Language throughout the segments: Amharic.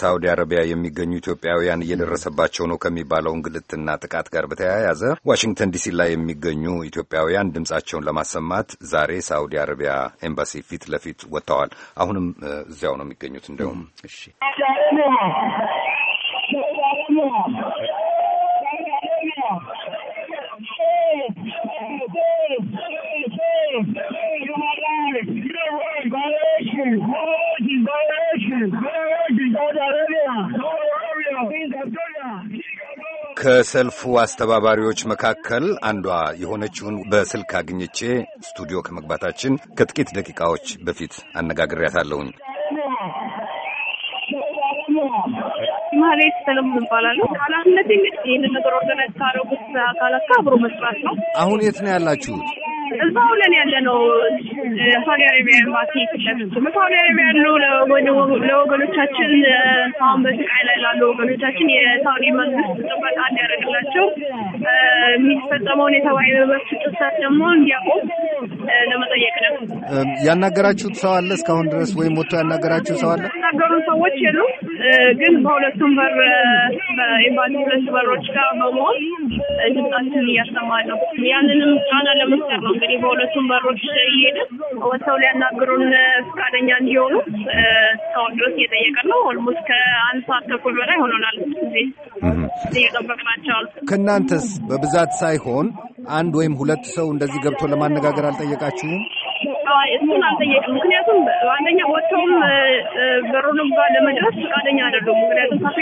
ሳውዲ አረቢያ የሚገኙ ኢትዮጵያውያን እየደረሰባቸው ነው ከሚባለው እንግልትና ጥቃት ጋር በተያያዘ ዋሽንግተን ዲሲ ላይ የሚገኙ ኢትዮጵያውያን ድምጻቸውን ለማሰማት ዛሬ ሳውዲ አረቢያ ኤምባሲ ፊት ለፊት ወጥተዋል። አሁንም እዚያው ነው የሚገኙት። እንደውም እሺ ከሰልፉ አስተባባሪዎች መካከል አንዷ የሆነችውን በስልክ አግኝቼ ስቱዲዮ ከመግባታችን ከጥቂት ደቂቃዎች በፊት አነጋግሬያታለሁኝ። ማሌት ሰለሞን ይባላሉ። ኃላፊነት ይህንን ነገር ኦርገናይዝ ካረጉት አካላት ጋር አብሮ መስራት ነው። አሁን የት ነው ያላችሁት? እዛው ለን ያለ ነው ሳውዲ አረቢያ ኤምባሲ ፊትለፊት በሳውዲ አረቢያ ያሉ ለወገኖቻችን አሁን በስቃይ ላይ ላሉ ወገኖቻችን የሳውዲ መንግስት ጥበቃ እንዲያደርግላቸው የሚፈጸመውን የሰብአዊ መብት ጥሰት ደግሞ እንዲያቆም ለመጠየቅ ያናገራችሁት ሰው አለ እስካሁን ድረስ ወይም ወጥቶ ያናገራችሁ ሰው አለ? ያናገሩን ሰዎች የሉ፣ ግን በሁለቱም በር በኤምባሲ ሁለት በሮች ጋር በመሆን ድምጻችን እያሰማ ነው። ያንንም ጫና ለመፍጠር ነው እንግዲህ በሁለቱም በሮች እየሄደ ወጥተው ሊያናግሩን ፈቃደኛ እንዲሆኑ እስካሁን ድረስ እየጠየቀ ነው። ኦልሞስት ከአንድ ሰዓት ተኩል በላይ ሆኖናል እዚህ እየጠበቅናቸዋል። ከእናንተስ በብዛት ሳይሆን አንድ ወይም ሁለት ሰው እንደዚህ ገብቶ ለማነጋገር አልጠየቃችሁም? እሱን አልጠየቅም። ምክንያቱም አንደኛ ወጥተውም ለመድረስ ፈቃደኛ አይደሉም።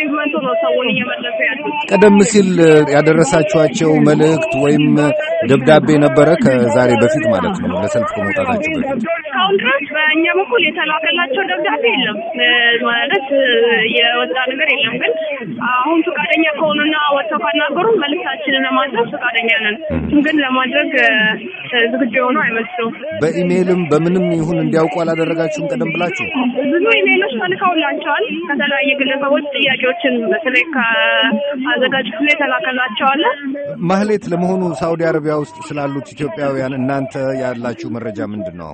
ምክንያቱም ነው ሰውን እየመለሱ ያሉት። ቀደም ሲል ያደረሳችኋቸው መልእክት ወይም ደብዳቤ ነበረ ከዛሬ በፊት ማለት ነው ለሰልፍ ከመውጣታቸው በፊት እስካሁን ድረስ በእኛ በኩል የተላከላቸው ደብዳቤ የለም፣ ማለት የወጣ ነገር የለም። ግን አሁን ፈቃደኛ ከሆኑና ወጥተው ካናገሩ መልሳችንን ለማድረግ ፈቃደኛ ነን። ግን ለማድረግ ዝግጁ የሆኑ አይመስሉም። በኢሜይልም በምንም ይሁን እንዲያውቁ አላደረጋችሁም? ቀደም ብላችሁ ብዙ ኢሜይሎች ተልከውላቸዋል። ከተለያየ ግለሰቦች ጥያቄዎችን በተለይ ከአዘጋጅ ክፍሉ የተላከላቸዋለ። ማህሌት፣ ለመሆኑ ሳውዲ አረቢያ ውስጥ ስላሉት ኢትዮጵያውያን እናንተ ያላችሁ መረጃ ምንድን ነው?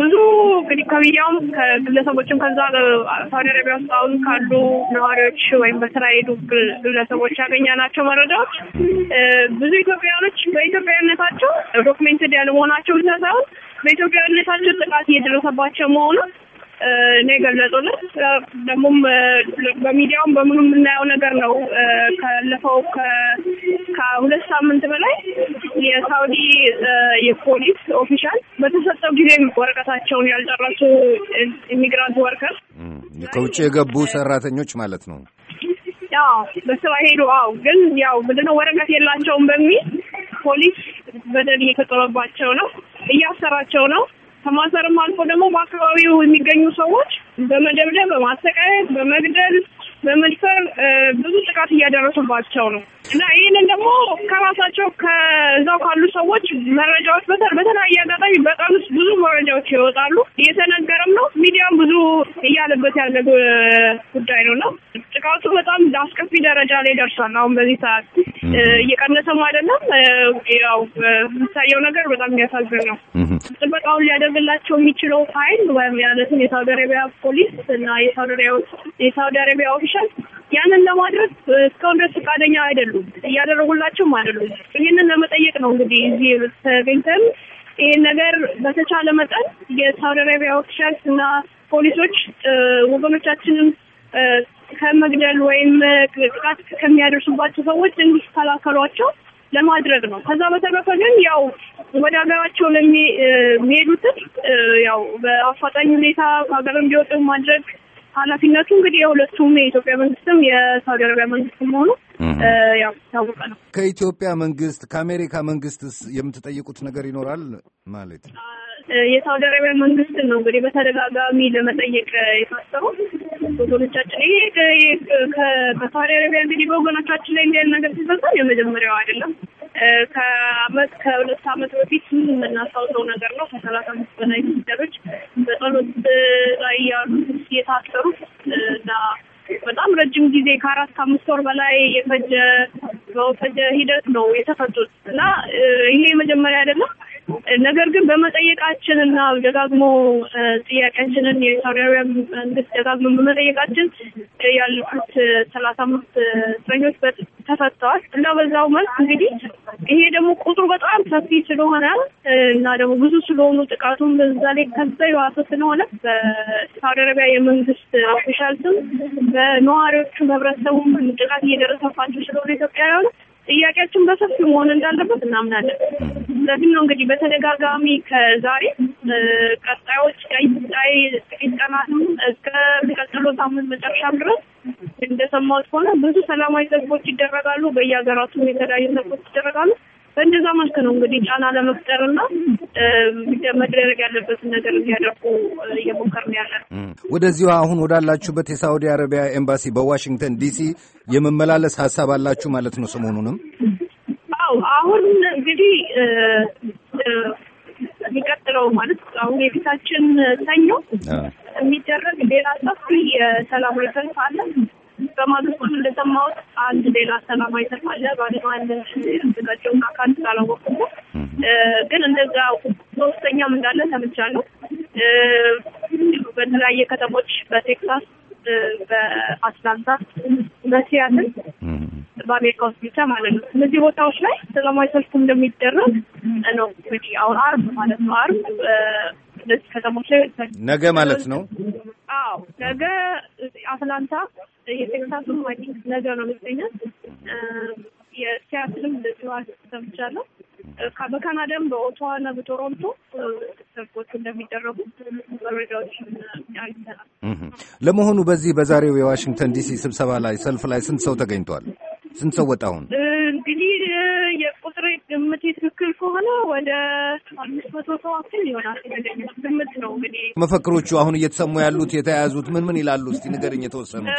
ብዙ እንግዲህ ከሚዲያውም ከግለሰቦችም ከዛ ሳውዲ አረቢያ ውስጥ አሁን ካሉ ነዋሪዎች ወይም በስራ ሄዱ ግለሰቦች ያገኛ ናቸው መረጃዎች ብዙ ኢትዮጵያውያኖች በኢትዮጵያዊነታቸው ዶክሜንትድ ያለመሆናቸው ብቻ ሳይሆን በኢትዮጵያዊነታቸው ጥቃት እየደረሰባቸው መሆኑን ነው የገለጹልን። ደግሞም በሚዲያውም በምኑ የምናየው ነገር ነው። ካለፈው ከሁለት ሳምንት በላይ የሳውዲ የፖሊስ ኦፊሻል በተሰጠው ጊዜ ወረቀታቸውን ያልጨረሱ ኢሚግራንት ወርከር ከውጭ የገቡ ሰራተኞች ማለት ነው። በስራ ሄዱ። አዎ፣ ግን ያው ምንድነው ወረቀት የላቸውም በሚል ፖሊስ በደል እየተጠመባቸው ነው፣ እያሰራቸው ነው። ከማሰርም አልፎ ደግሞ በአካባቢው የሚገኙ ሰዎች በመደብደብ በማሰቃየት፣ በመግደል በመድፈር ብዙ ጥቃት እያደረሱባቸው ነው እና ይህንን ደግሞ ከራሳቸው ከዛው ካሉ ሰዎች መረጃዎች በተለያየ አጋጣሚ በጣም ብዙ መረጃዎች ይወጣሉ፣ እየተነገረም ነው። ሚዲያም ብዙ እያለበት ያለ ጉዳይ ነው እና ጥቃቱ በጣም አስከፊ ደረጃ ላይ ደርሷል። አሁን በዚህ ሰዓት እየቀነሰም አይደለም። ያው የሚታየው ነገር በጣም የሚያሳዝን ነው። ጥበቃውን ሊያደርግላቸው የሚችለው ኃይል ማለትም የሳውዲ አረቢያ ፖሊስ እና የሳውዲ አረቢያ ይሻል። ያንን ለማድረግ እስካሁን ድረስ ፈቃደኛ አይደሉም፣ እያደረጉላቸውም አይደሉም። ይህንን ለመጠየቅ ነው እንግዲህ እዚህ ተገኝተን ይህን ነገር በተቻለ መጠን የሳውዲ አረቢያ ኦፊሻልስ እና ፖሊሶች ወገኖቻችንን ከመግደል ወይም ጥቃት ከሚያደርሱባቸው ሰዎች እንዲከላከሏቸው ለማድረግ ነው። ከዛ በተረፈ ግን ያው ወደ ሀገራቸው ለሚሄዱትን ያው በአፋጣኝ ሁኔታ ሀገር እንዲወጡ ማድረግ ኃላፊነቱ እንግዲህ የሁለቱም የኢትዮጵያ መንግስትም የሳውዲ አረቢያ መንግስትም መሆኑ ያው ታወቀ ነው። ከኢትዮጵያ መንግስት ከአሜሪካ መንግስትስ የምትጠይቁት ነገር ይኖራል ማለት የሳውዲ አረቢያ መንግስት ነው እንግዲህ በተደጋጋሚ ለመጠየቅ የታሰሩ ወገኖቻችን ይሄ በሳውዲ አረቢያ እንግዲህ በወገኖቻችን ላይ እንዲያል ነገር ሲፈጸም የመጀመሪያው አይደለም። ከአመት ከሁለት አመት በፊት የምናስታውሰው ነገር ነው። ከሰላሳ አምስት በላይ ሲደሮች በጸሎት ላይ ያሉ የታሰሩት እና በጣም ረጅም ጊዜ ከአራት አምስት ወር በላይ የፈጀ በፈጀ ሂደት ነው የተፈቱት እና ይሄ መጀመሪያ አይደለም። ነገር ግን በመጠየቃችን እና ደጋግሞ ጥያቄያችንን የሳውዲ አረቢያ መንግስት ደጋግሞ በመጠየቃችን ያለፉት ሰላሳ አምስት እስረኞች ተፈተዋል እና በዛው መልክ እንግዲህ ይሄ ደግሞ ቁጥሩ በጣም ሰፊ ስለሆነ እና ደግሞ ብዙ ስለሆኑ ጥቃቱን በዛ ላይ ከዛ የዋሰ ስለሆነ በሳውዲ አረቢያ የመንግስት ኦፊሻል ስም በነዋሪዎቹም ህብረተሰቡም ጥቃት እየደረሰባቸው ስለሆነ ኢትዮጵያውያኑ ጥያቄያችን በሰፊው መሆን እንዳለበት እናምናለን። ስለዚህም ነው እንግዲህ በተደጋጋሚ ከዛሬ ቀጣዮች ቀይ ጥቂት ቀናትም እስከሚቀጥለው ሳምንት መጨረሻም ድረስ እንደሰማሁት ከሆነ ብዙ ሰላማዊ ሰልፎች ይደረጋሉ። በየሀገራቱም የተለያዩ ሰልፎች ይደረጋሉ። በእንደዛ መልክ ነው እንግዲህ ጫና ለመፍጠርና መደረግ ያለበትን ነገር እንዲያደርጉ እየሞከር ነው ያለ። ወደዚሁ አሁን ወዳላችሁበት የሳዑዲ አረቢያ ኤምባሲ በዋሽንግተን ዲሲ የመመላለስ ሀሳብ አላችሁ ማለት ነው ሰሞኑንም? አዎ አሁን እንግዲህ የሚቀጥለው ማለት አሁን የፊታችን ሰኞ የሚደረግ ሌላ ሰፊ የሰላማዊ ሰልፍ አለ። በማለት ሁሉ እንደሰማሁት አንድ ሌላ ሰላም አይተፋለ ባለማን እንትናቸውን አካል ስላላወቅኩ ግን እንደዛ ሶስተኛም እንዳለ ሰምቻለሁ። በተለያየ ከተሞች በቴክሳስ፣ በአትላንታ፣ በሲያትል በአሜሪካ ውስጥ ብቻ ማለት ነው። እነዚህ ቦታዎች ላይ ሰላማዊ ሰልፍ እንደሚደረግ ነው። እንግዲህ አሁን አርብ ማለት ነው። አርብ እነዚህ ከተሞች ላይ ነገ ማለት ነው። አዎ ነገ አትላንታ የቴክሳሱ ማዲንግ ነገር ነው ይመስለኛል። የሲያትልም እንደዚሁ ሰምቻለሁ። በካናዳም በኦቶዋ እና በቶሮንቶ ሰልፎች እንደሚደረጉ መረጃዎች አግኝተናል። ለመሆኑ በዚህ በዛሬው የዋሽንግተን ዲሲ ስብሰባ ላይ ሰልፍ ላይ ስንት ሰው ተገኝቷል? ስንት ሰው ወጣ? አሁን እንግዲህ የቁጥር ግምት ትክክል ከሆነ ወደ አምስት መቶ ሰው አክል ይሆናል። ግምት ነው እንግዲህ። መፈክሮቹ አሁን እየተሰሙ ያሉት የተያያዙት ምን ምን ይላሉ? እስቲ ንገርኝ የተወሰኑት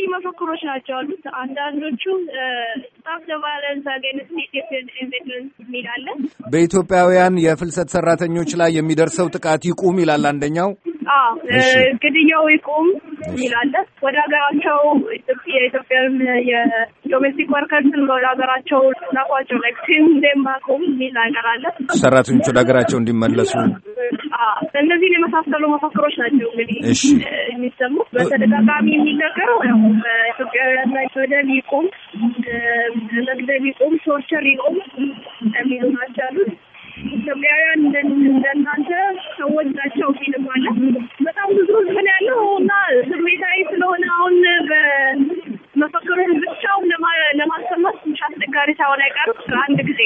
የተለያዩ መፈክሮች ናቸው አሉት። አንዳንዶቹ ስታፍ ለቫለንስ አገንስት ኢትዮጵያን ኢንቨስትመንት የሚል በኢትዮጵያውያን የፍልሰት ሰራተኞች ላይ የሚደርሰው ጥቃት ይቁም ይላል አንደኛው። ግድያው ይቁም ይላለ። ወደ ሀገራቸው የኢትዮጵያን የዶሜስቲክ ወርከርስን ወደ ሀገራቸው ናቋቸው ላይክ ሴም ዜም ባክ ሆም የሚል ነገር አለ። ሰራተኞች ወደ ሀገራቸው እንዲመለሱ እነዚህን የመሳሰሉ መፈክሮች ናቸው እንግዲህ የሚሰሙት። በተደጋጋሚ የሚነገረው ኢትዮጵያውያን ላይ በደል ይቁም፣ መግደል ይቁም፣ ቶርቸር ይቁም የሚሉ ናቸው ያሉት። ኢትዮጵያውያን እንደናንተ ሰዎች ናቸው ሚልም አለ። በጣም ብዙ ህዝብ ያለው እና ስሜታዊ ስለሆነ አሁን በመፈክሮች ብቻውን ለማሰማት ትንሽ አስቸጋሪ ሳይሆን አይቀርም አንድ ጊዜ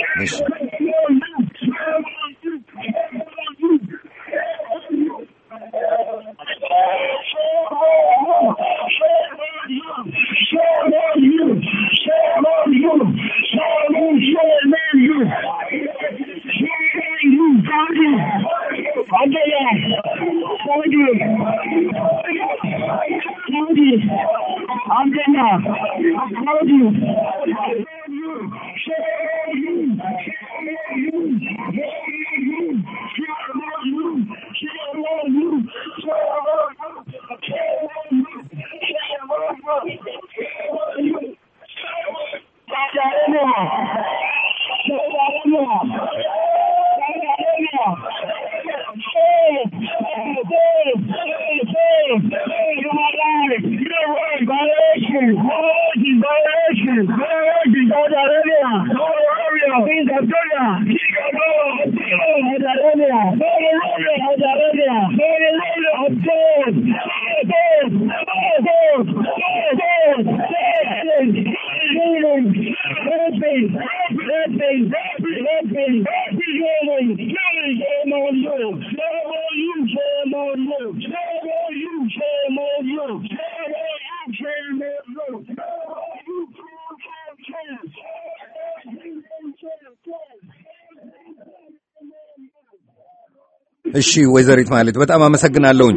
Yeah. እሺ፣ ወይዘሪት ማለት በጣም አመሰግናለሁኝ።